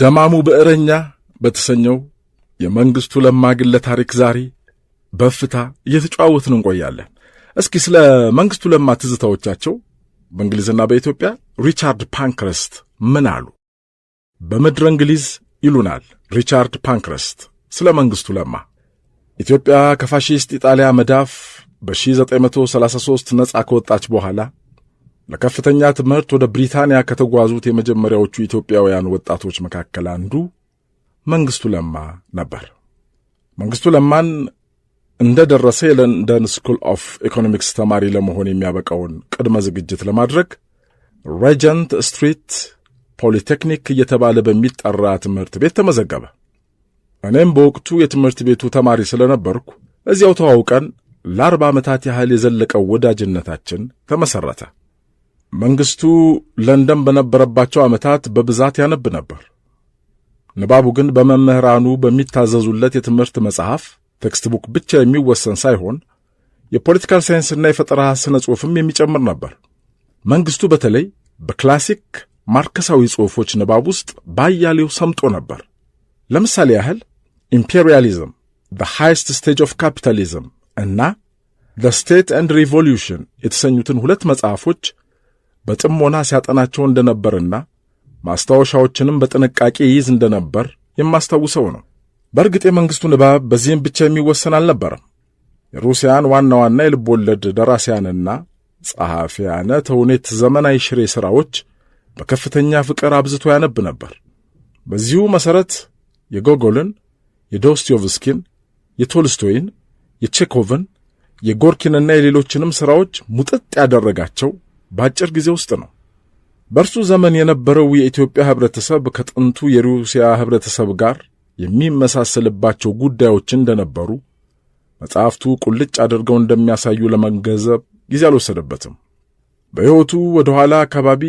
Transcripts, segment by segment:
ደማሙ ብዕረኛ በተሰኘው የመንግሥቱ ለማ ግለ ታሪክ ዛሬ በፍታ እየተጨዋወትን እንቆያለን። እስኪ ስለ መንግሥቱ ለማ ትዝታዎቻቸው በእንግሊዝና በኢትዮጵያ ሪቻርድ ፓንክረስት ምን አሉ? በምድረ እንግሊዝ ይሉናል ሪቻርድ ፓንክረስት ስለ መንግሥቱ ለማ ኢትዮጵያ ከፋሺስት ኢጣሊያ መዳፍ በ1933 ነፃ ከወጣች በኋላ ለከፍተኛ ትምህርት ወደ ብሪታንያ ከተጓዙት የመጀመሪያዎቹ ኢትዮጵያውያን ወጣቶች መካከል አንዱ መንግሥቱ ለማ ነበር። መንግሥቱ ለማን እንደ ደረሰ የለንደን ስኩል ኦፍ ኢኮኖሚክስ ተማሪ ለመሆን የሚያበቃውን ቅድመ ዝግጅት ለማድረግ ሬጀንት ስትሪት ፖሊቴክኒክ እየተባለ በሚጠራ ትምህርት ቤት ተመዘገበ። እኔም በወቅቱ የትምህርት ቤቱ ተማሪ ስለነበርኩ እዚያው ተዋውቀን ለአርባ ዓመታት ያህል የዘለቀው ወዳጅነታችን ተመሠረተ። መንግሥቱ ለንደን በነበረባቸው ዓመታት በብዛት ያነብ ነበር። ንባቡ ግን በመምህራኑ በሚታዘዙለት የትምህርት መጽሐፍ ቴክስት ብቻ የሚወሰን ሳይሆን የፖለቲካል ሳይንስና የፈጠራ ሥነ ጽሑፍም የሚጨምር ነበር። መንግሥቱ በተለይ በክላሲክ ማርከሳዊ ጽሑፎች ንባብ ውስጥ ባያሌው ሰምጦ ነበር። ለምሳሌ ያህል ኢምፔሪያሊዝም፣ ዘ ሃይስት ስቴጅ ኦፍ ካፒታሊዝም እና ዘ ስቴት ኤንድ ሪቮሉሽን የተሰኙትን ሁለት መጽሐፎች በጥሞና ሲያጠናቸው እንደነበርና ማስታወሻዎችንም በጥንቃቄ ይይዝ እንደነበር የማስታውሰው ነው። በእርግጥ የመንግሥቱ ንባብ በዚህም ብቻ የሚወሰን አልነበረም። የሩሲያን ዋና ዋና የልቦወለድ ደራሲያንና ጸሐፊያነ ተውኔት ዘመናዊ ሽሬ ሥራዎች በከፍተኛ ፍቅር አብዝቶ ያነብ ነበር። በዚሁ መሠረት የጎጎልን፣ የዶስቲቭስኪን፣ የቶልስቶይን፣ የቼኮቭን፣ የጎርኪንና የሌሎችንም ሥራዎች ሙጥጥ ያደረጋቸው በአጭር ጊዜ ውስጥ ነው። በእርሱ ዘመን የነበረው የኢትዮጵያ ህብረተሰብ ከጥንቱ የሩሲያ ህብረተሰብ ጋር የሚመሳሰልባቸው ጉዳዮች እንደነበሩ መጽሐፍቱ ቁልጭ አድርገው እንደሚያሳዩ ለመገንዘብ ጊዜ አልወሰደበትም። በሕይወቱ ወደ ኋላ አካባቢ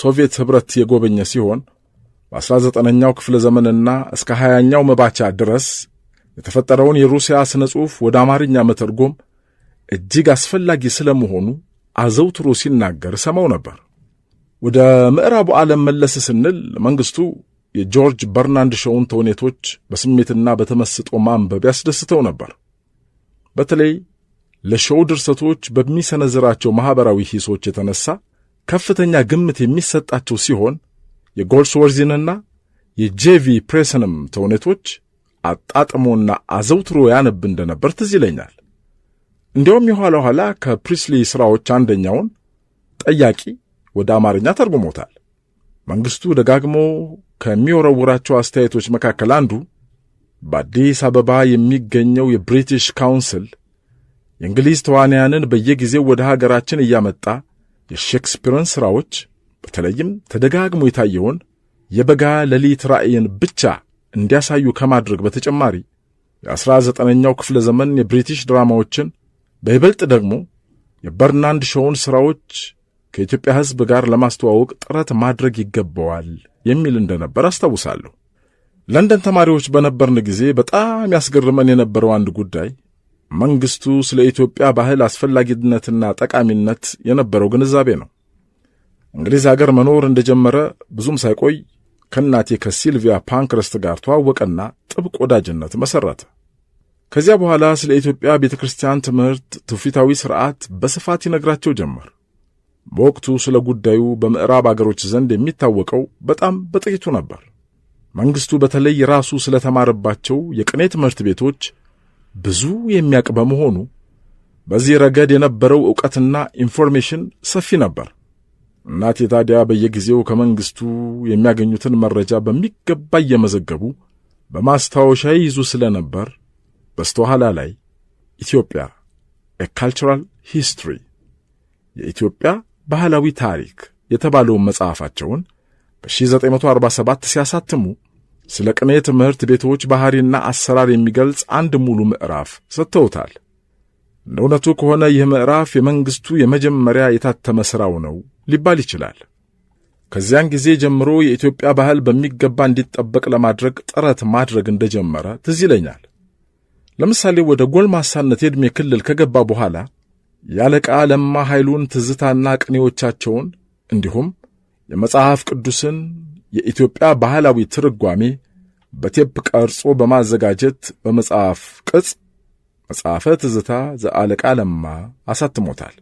ሶቪየት ኅብረት የጎበኘ ሲሆን በ19ኛው ክፍለ ዘመንና እስከ 20ኛው መባቻ ድረስ የተፈጠረውን የሩሲያ ሥነ ጽሑፍ ወደ አማርኛ መተርጎም እጅግ አስፈላጊ ስለመሆኑ አዘውትሮ ሲናገር ሰማው ነበር። ወደ ምዕራቡ ዓለም መለስ ስንል መንግሥቱ የጆርጅ በርናንድ ሾውን ተውኔቶች በስሜትና በተመስጦ ማንበብ ያስደስተው ነበር። በተለይ ለሾው ድርሰቶች በሚሰነዝራቸው ማኅበራዊ ሂሶች የተነሳ ከፍተኛ ግምት የሚሰጣቸው ሲሆን የጎልስወርዚንና የጄቪ ፕሬሰንም ተውኔቶች አጣጥሞና አዘውትሮ ያነብ እንደነበር ትዝ ይለኛል። እንዲያውም የኋላ ኋላ ከፕሪስሊ ሥራዎች አንደኛውን ጠያቂ ወደ አማርኛ ተርጉሞታል። መንግሥቱ ደጋግሞ ከሚወረውራቸው አስተያየቶች መካከል አንዱ በአዲስ አበባ የሚገኘው የብሪቲሽ ካውንስል የእንግሊዝ ተዋንያንን በየጊዜው ወደ ሀገራችን እያመጣ የሼክስፒርን ሥራዎች በተለይም ተደጋግሞ የታየውን የበጋ ሌሊት ራእይን ብቻ እንዲያሳዩ ከማድረግ በተጨማሪ የ19ኛው ክፍለ ዘመን የብሪቲሽ ድራማዎችን በይበልጥ ደግሞ የበርናንድ ሾውን ሥራዎች ከኢትዮጵያ ሕዝብ ጋር ለማስተዋወቅ ጥረት ማድረግ ይገባዋል የሚል እንደነበር አስታውሳለሁ። ለንደን ተማሪዎች በነበርን ጊዜ በጣም ያስገርመን የነበረው አንድ ጉዳይ መንግሥቱ ስለ ኢትዮጵያ ባህል አስፈላጊነትና ጠቃሚነት የነበረው ግንዛቤ ነው። እንግሊዝ አገር መኖር እንደጀመረ ብዙም ሳይቆይ ከእናቴ ከሲልቪያ ፓንክረስት ጋር ተዋወቀና ጥብቅ ወዳጅነት መሠረተ። ከዚያ በኋላ ስለ ኢትዮጵያ ቤተ ክርስቲያን ትምህርት ትውፊታዊ ሥርዓት በስፋት ይነግራቸው ጀመር። በወቅቱ ስለ ጉዳዩ በምዕራብ አገሮች ዘንድ የሚታወቀው በጣም በጥቂቱ ነበር። መንግሥቱ በተለይ ራሱ ስለተማረባቸው የቅኔ ትምህርት ቤቶች ብዙ የሚያውቅ በመሆኑ በዚህ ረገድ የነበረው ዕውቀትና ኢንፎርሜሽን ሰፊ ነበር። እናቴ ታዲያ በየጊዜው ከመንግሥቱ የሚያገኙትን መረጃ በሚገባ እየመዘገቡ በማስታወሻ ይዙ ስለነበር በስተኋላ ላይ ኢትዮጵያ የካልቸራል ሂስትሪ የኢትዮጵያ ባህላዊ ታሪክ የተባለውን መጽሐፋቸውን በ1947 ሲያሳትሙ ስለ ቅኔ ትምህርት ቤቶች ባህሪና አሰራር የሚገልጽ አንድ ሙሉ ምዕራፍ ሰጥተውታል። እንደ እውነቱ ከሆነ ይህ ምዕራፍ የመንግሥቱ የመጀመሪያ የታተመ ሥራው ነው ሊባል ይችላል። ከዚያን ጊዜ ጀምሮ የኢትዮጵያ ባህል በሚገባ እንዲጠበቅ ለማድረግ ጥረት ማድረግ እንደጀመረ ትዝ ይለኛል። ለምሳሌ ወደ ጎልማሳነት የዕድሜ ክልል ከገባ በኋላ የአለቃ ለማ ኃይሉን ትዝታና ቅኔዎቻቸውን እንዲሁም የመጽሐፍ ቅዱስን የኢትዮጵያ ባህላዊ ትርጓሜ በቴፕ ቀርጾ በማዘጋጀት በመጽሐፍ ቅጽ መጽሐፈ ትዝታ ዘአለቃ ለማ አሳትሞታል።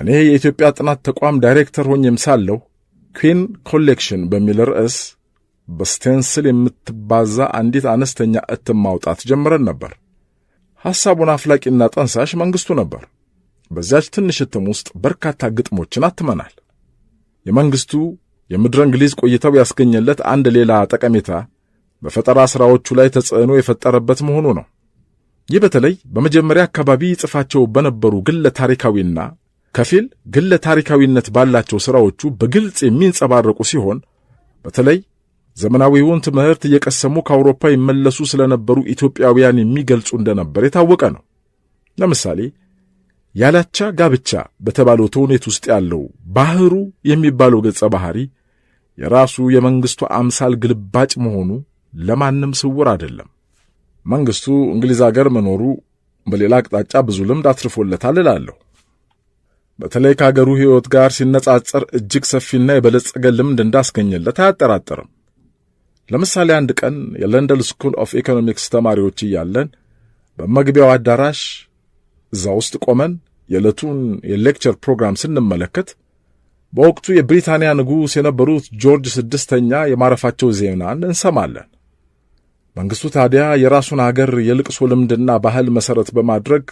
እኔ የኢትዮጵያ ጥናት ተቋም ዳይሬክተር ሆኜም ሳለሁ ኩዊን ኮሌክሽን በሚል ርዕስ በስቴንስል የምትባዛ አንዲት አነስተኛ እትም ማውጣት ጀምረን ነበር። ሐሳቡን አፍላቂና ጠንሳሽ መንግሥቱ ነበር። በዚያች ትንሽ እትም ውስጥ በርካታ ግጥሞችን አትመናል። የመንግሥቱ የምድረ እንግሊዝ ቆይታው ያስገኘለት አንድ ሌላ ጠቀሜታ በፈጠራ ሥራዎቹ ላይ ተጽዕኖ የፈጠረበት መሆኑ ነው። ይህ በተለይ በመጀመሪያ አካባቢ ይጽፋቸው በነበሩ ግለ ታሪካዊና ከፊል ግለ ታሪካዊነት ባላቸው ሥራዎቹ በግልጽ የሚንጸባረቁ ሲሆን በተለይ ዘመናዊውን ትምህርት እየቀሰሙ ከአውሮፓ ይመለሱ ስለነበሩ ኢትዮጵያውያን የሚገልጹ እንደነበር የታወቀ ነው። ለምሳሌ ያላቻ ጋብቻ በተባለው ተውኔት ውስጥ ያለው ባህሩ የሚባለው ገጸ ባህሪ የራሱ የመንግስቱ አምሳል ግልባጭ መሆኑ ለማንም ስውር አይደለም። መንግስቱ እንግሊዝ አገር መኖሩ በሌላ አቅጣጫ ብዙ ልምድ አትርፎለታል እላለሁ። በተለይ ከአገሩ ሕይወት ጋር ሲነጻጸር እጅግ ሰፊና የበለጸገ ልምድ እንዳስገኘለት አያጠራጥርም። ለምሳሌ አንድ ቀን የለንደን ስኩል ኦፍ ኢኮኖሚክስ ተማሪዎች እያለን በመግቢያው አዳራሽ እዛ ውስጥ ቆመን የዕለቱን የሌክቸር ፕሮግራም ስንመለከት በወቅቱ የብሪታንያ ንጉሥ የነበሩት ጆርጅ ስድስተኛ የማረፋቸው ዜናን እንሰማለን። መንግሥቱ ታዲያ የራሱን አገር የልቅሶ ልምድና ባህል መሠረት በማድረግ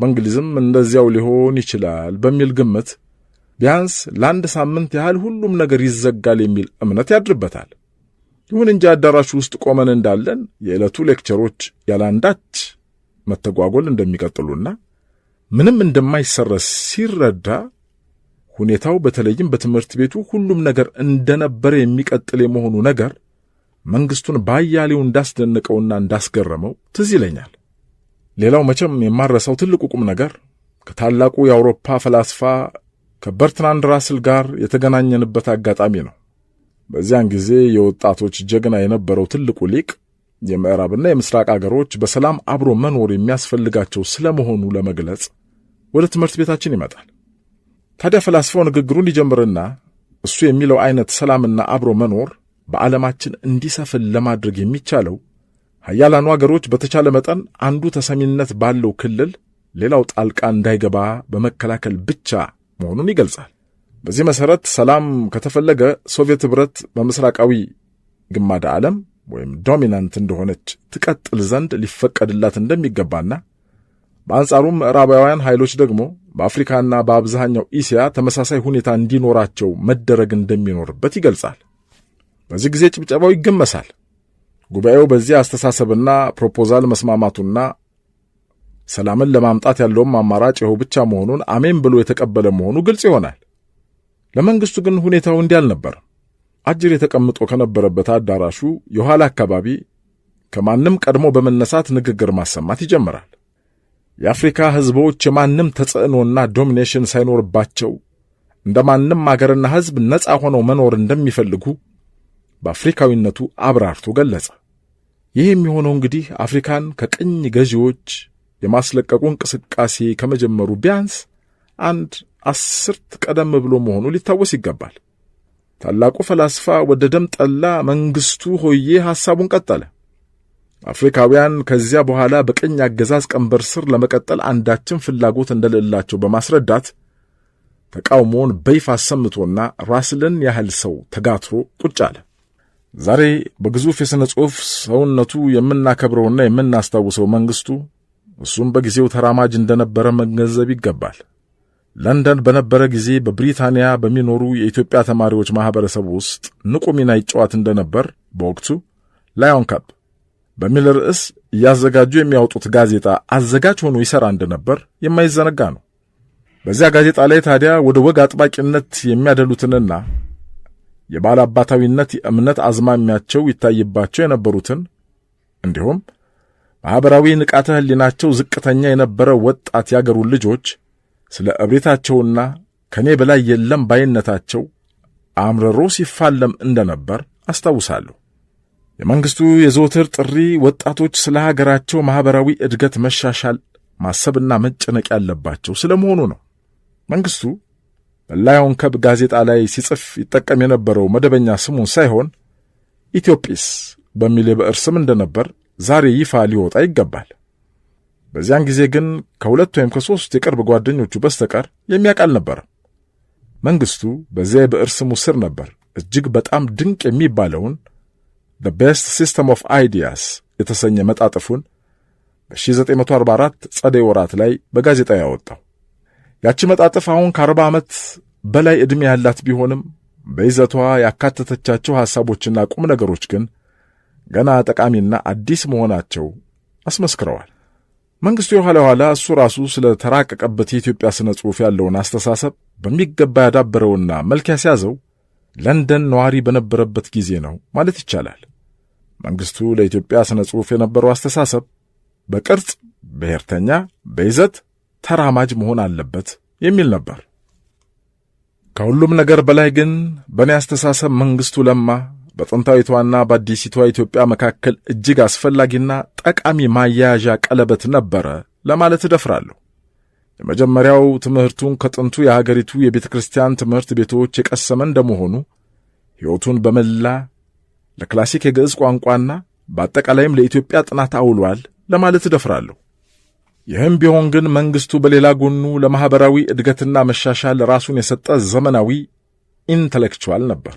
በእንግሊዝም እንደዚያው ሊሆን ይችላል በሚል ግምት ቢያንስ ለአንድ ሳምንት ያህል ሁሉም ነገር ይዘጋል የሚል እምነት ያድርበታል። ይሁን እንጂ አዳራሹ ውስጥ ቆመን እንዳለን የዕለቱ ሌክቸሮች ያለአንዳች መተጓጎል እንደሚቀጥሉና ምንም እንደማይሰረስ ሲረዳ ሁኔታው በተለይም በትምህርት ቤቱ ሁሉም ነገር እንደነበረ የሚቀጥል የመሆኑ ነገር መንግስቱን ባያሌው እንዳስደነቀውና እንዳስገረመው ትዝ ይለኛል። ሌላው መቼም የማረሰው ትልቁ ቁም ነገር ከታላቁ የአውሮፓ ፈላስፋ ከበርትናንድ ራስል ጋር የተገናኘንበት አጋጣሚ ነው። በዚያን ጊዜ የወጣቶች ጀግና የነበረው ትልቁ ሊቅ የምዕራብና የምስራቅ አገሮች በሰላም አብሮ መኖር የሚያስፈልጋቸው ስለመሆኑ ለመግለጽ ወደ ትምህርት ቤታችን ይመጣል። ታዲያ ፈላስፋው ንግግሩን ሊጀምርና እሱ የሚለው አይነት ሰላምና አብሮ መኖር በዓለማችን እንዲሰፍን ለማድረግ የሚቻለው ሀያላኑ አገሮች በተቻለ መጠን አንዱ ተሰሚነት ባለው ክልል ሌላው ጣልቃ እንዳይገባ በመከላከል ብቻ መሆኑን ይገልጻል። በዚህ መሰረት ሰላም ከተፈለገ ሶቪየት ኅብረት በምስራቃዊ ግማደ ዓለም ወይም ዶሚናንት እንደሆነች ትቀጥል ዘንድ ሊፈቀድላት እንደሚገባና በአንጻሩ ምዕራባውያን ኃይሎች ደግሞ በአፍሪካና በአብዛኛው ኢስያ ተመሳሳይ ሁኔታ እንዲኖራቸው መደረግ እንደሚኖርበት ይገልጻል። በዚህ ጊዜ ጭብጨባው ይገመሳል። ጉባኤው በዚህ አስተሳሰብና ፕሮፖዛል መስማማቱና ሰላምን ለማምጣት ያለውም አማራጭ ይኸው ብቻ መሆኑን አሜን ብሎ የተቀበለ መሆኑ ግልጽ ይሆናል። ለመንግስቱ ግን ሁኔታው እንዲህ አልነበር። አጅሬ ተቀምጦ ከነበረበት አዳራሹ የኋላ አካባቢ ከማንም ቀድሞ በመነሳት ንግግር ማሰማት ይጀምራል። የአፍሪካ ሕዝቦች የማንም ተጽዕኖና ዶሚኔሽን ሳይኖርባቸው እንደ ማንም አገርና ሕዝብ ነፃ ሆነው መኖር እንደሚፈልጉ በአፍሪካዊነቱ አብራርቶ ገለጸ። ይህ የሚሆነው እንግዲህ አፍሪካን ከቅኝ ገዢዎች የማስለቀቁ እንቅስቃሴ ከመጀመሩ ቢያንስ አንድ አስርት ቀደም ብሎ መሆኑ ሊታወስ ይገባል። ታላቁ ፈላስፋ ወደ ደም ጠላ መንግሥቱ ሆዬ ሐሳቡን ቀጠለ። አፍሪካውያን ከዚያ በኋላ በቅኝ አገዛዝ ቀንበር ስር ለመቀጠል አንዳችን ፍላጎት እንደሌላቸው በማስረዳት ተቃውሞውን በይፋ አሰምቶና ራስልን ያህል ሰው ተጋትሮ ቁጭ አለ። ዛሬ በግዙፍ የሥነ ጽሑፍ ሰውነቱ የምናከብረውና የምናስታውሰው መንግሥቱ እሱም በጊዜው ተራማጅ እንደነበረ መገንዘብ ይገባል። ለንደን በነበረ ጊዜ በብሪታንያ በሚኖሩ የኢትዮጵያ ተማሪዎች ማኅበረሰብ ውስጥ ንቁ ሚና ይጫወት እንደነበር በወቅቱ ላዮን ካፕ በሚል ርዕስ እያዘጋጁ የሚያወጡት ጋዜጣ አዘጋጅ ሆኖ ይሠራ እንደነበር የማይዘነጋ ነው። በዚያ ጋዜጣ ላይ ታዲያ ወደ ወግ አጥባቂነት የሚያደሉትንና የባለ አባታዊነት የእምነት አዝማሚያቸው ይታይባቸው የነበሩትን እንዲሁም ማኅበራዊ ንቃተ ሕሊናቸው ዝቅተኛ የነበረ ወጣት ያገሩ ልጆች ስለ እብሪታቸውና ከእኔ በላይ የለም ባይነታቸው አምርሮ ሲፋለም እንደነበር አስታውሳለሁ። የመንግሥቱ የዘወትር ጥሪ ወጣቶች ስለ ሀገራቸው ማኅበራዊ እድገት መሻሻል ማሰብና መጨነቅ ያለባቸው ስለ መሆኑ ነው። መንግሥቱ በላዮን ከብ ጋዜጣ ላይ ሲጽፍ ይጠቀም የነበረው መደበኛ ስሙን ሳይሆን ኢትዮጵስ በሚል የብዕር ስም እንደነበር ዛሬ ይፋ ሊወጣ ይገባል። በዚያን ጊዜ ግን ከሁለት ወይም ከሦስት የቅርብ ጓደኞቹ በስተቀር የሚያውቅ አልነበረም። መንግሥቱ በዚያ የብዕር ስሙ ስር ነበር እጅግ በጣም ድንቅ የሚባለውን ዘ ቤስት ሲስተም ኦፍ አይዲያስ የተሰኘ መጣጥፉን በ1944 ጸደይ ወራት ላይ በጋዜጣ ያወጣው። ያቺ መጣጥፍ አሁን ከ40 ዓመት በላይ ዕድሜ ያላት ቢሆንም በይዘቷ ያካተተቻቸው ሐሳቦችና ቁም ነገሮች ግን ገና ጠቃሚና አዲስ መሆናቸው አስመስክረዋል። መንግስቱ የኋላ ኋላ እሱ ራሱ ስለተራቀቀበት የኢትዮጵያ ስነ ጽሑፍ ያለውን አስተሳሰብ በሚገባ ያዳበረውና መልክ ያስያዘው ለንደን ነዋሪ በነበረበት ጊዜ ነው ማለት ይቻላል። መንግስቱ ለኢትዮጵያ ስነ ጽሑፍ የነበረው አስተሳሰብ በቅርጽ ብሔርተኛ፣ በይዘት ተራማጅ መሆን አለበት የሚል ነበር። ከሁሉም ነገር በላይ ግን በእኔ አስተሳሰብ መንግስቱ ለማ በጥንታዊቷና በአዲሲቷ ኢትዮጵያ መካከል እጅግ አስፈላጊና ጠቃሚ ማያያዣ ቀለበት ነበረ ለማለት እደፍራለሁ። የመጀመሪያው ትምህርቱን ከጥንቱ የሀገሪቱ የቤተ ክርስቲያን ትምህርት ቤቶች የቀሰመ እንደመሆኑ ሕይወቱን በመላ ለክላሲክ የግዕዝ ቋንቋና በአጠቃላይም ለኢትዮጵያ ጥናት አውሏል ለማለት እደፍራለሁ። ይህም ቢሆን ግን መንግሥቱ በሌላ ጎኑ ለማኅበራዊ እድገትና መሻሻል ራሱን የሰጠ ዘመናዊ ኢንተሌክቹዋል ነበር።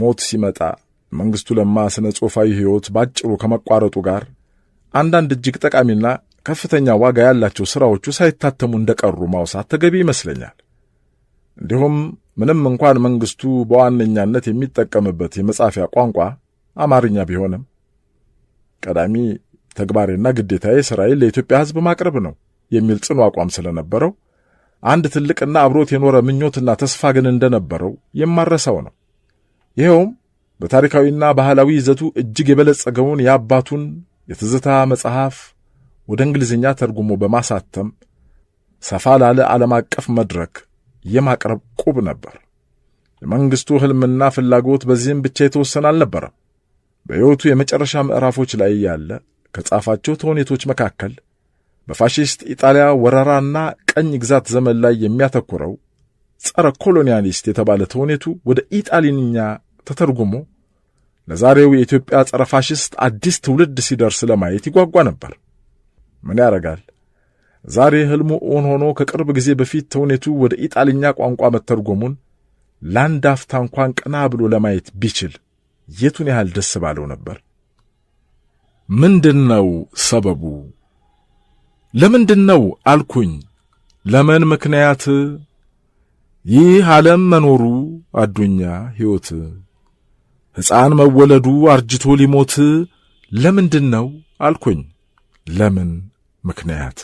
ሞት ሲመጣ መንግሥቱ ለማ ስነ ጽሑፋዊ ሕይወት ባጭሩ ከመቋረጡ ጋር አንዳንድ እጅግ ጠቃሚና ከፍተኛ ዋጋ ያላቸው ሥራዎቹ ሳይታተሙ እንደቀሩ ማውሳት ተገቢ ይመስለኛል። እንዲሁም ምንም እንኳን መንግሥቱ በዋነኛነት የሚጠቀምበት የመጻፊያ ቋንቋ አማርኛ ቢሆንም ቀዳሚ ተግባሬና ግዴታዬ ሥራዬን ለኢትዮጵያ ሕዝብ ማቅረብ ነው የሚል ጽኑ አቋም ስለነበረው አንድ ትልቅና አብሮት የኖረ ምኞትና ተስፋ ግን እንደነበረው የማረሳው ነው። ይኸውም በታሪካዊና ባህላዊ ይዘቱ እጅግ የበለጸገውን የአባቱን የትዝታ መጽሐፍ ወደ እንግሊዝኛ ተርጉሞ በማሳተም ሰፋ ላለ ዓለም አቀፍ መድረክ የማቅረብ ቁብ ነበር። የመንግሥቱ ሕልምና ፍላጎት በዚህም ብቻ የተወሰነ አልነበረም። በሕይወቱ የመጨረሻ ምዕራፎች ላይ ያለ ከጻፋቸው ተውኔቶች መካከል በፋሺስት ኢጣሊያ ወረራና ቀኝ ግዛት ዘመን ላይ የሚያተኩረው ጸረ ኮሎኒያሊስት የተባለ ተውኔቱ ወደ ኢጣሊንኛ ተተርጉሞ ለዛሬው የኢትዮጵያ ጸረ ፋሽስት አዲስ ትውልድ ሲደርስ ለማየት ይጓጓ ነበር። ምን ያደርጋል ዛሬ ህልሙ እውን ሆኖ ከቅርብ ጊዜ በፊት ተውኔቱ ወደ ኢጣልኛ ቋንቋ መተርጎሙን ለአንድ አፍታ እንኳን ቀና ብሎ ለማየት ቢችል የቱን ያህል ደስ ባለው ነበር። ምንድን ነው ሰበቡ? ለምንድን ነው አልኩኝ። ለምን ምክንያት ይህ ዓለም መኖሩ አዱኛ ሕይወት ሕፃን መወለዱ አርጅቶ ሊሞት ለምንድን ነው አልኩኝ። ለምን ምክንያት